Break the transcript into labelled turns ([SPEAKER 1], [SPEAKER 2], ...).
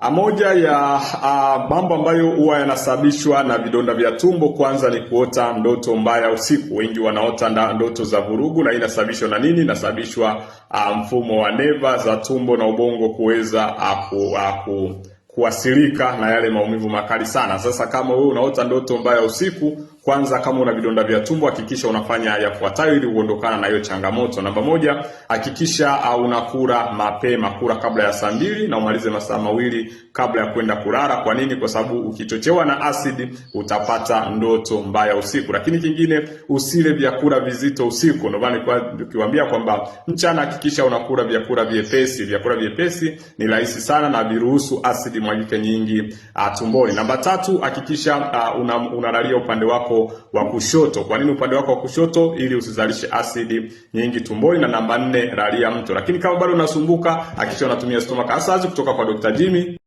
[SPEAKER 1] Ah, moja ya ah, mambo ambayo huwa yanasababishwa na vidonda vya tumbo kwanza ni kuota ndoto mbaya usiku. Wengi wanaota ndoto za vurugu, na hii inasababishwa na nini? Inasababishwa ah, mfumo wa neva za tumbo na ubongo kuweza kuasirika na yale maumivu makali sana. Sasa kama wewe unaota ndoto mbaya usiku kwanza, kama una vidonda vya tumbo, hakikisha unafanya yafuatayo ili uondokana na hiyo changamoto. Namba moja, hakikisha ah, unakula mapema, kula kabla ya saa mbili na umalize masaa mawili kabla ya kwenda kulala. Kwa nini? Kwa sababu ukichochewa na asidi utapata ndoto mbaya usiku. Lakini kingine, usile vyakula vizito usiku. Ndio maana nikiwaambia kwamba mchana hakikisha unakula vyakula vyepesi. Vyakula vyepesi ni rahisi sana na viruhusu asidi mwagike nyingi ah, tumboni. Namba tatu, hakikisha uh, unalalia una upande wako wa kushoto. Kwa nini upande wako wa kushoto? Ili usizalishe asidi nyingi tumboni. Na namba nne, lalia mto. Lakini kama bado unasumbuka, hakikisha unatumia stomach acids kutoka kwa Dr. Jimmy.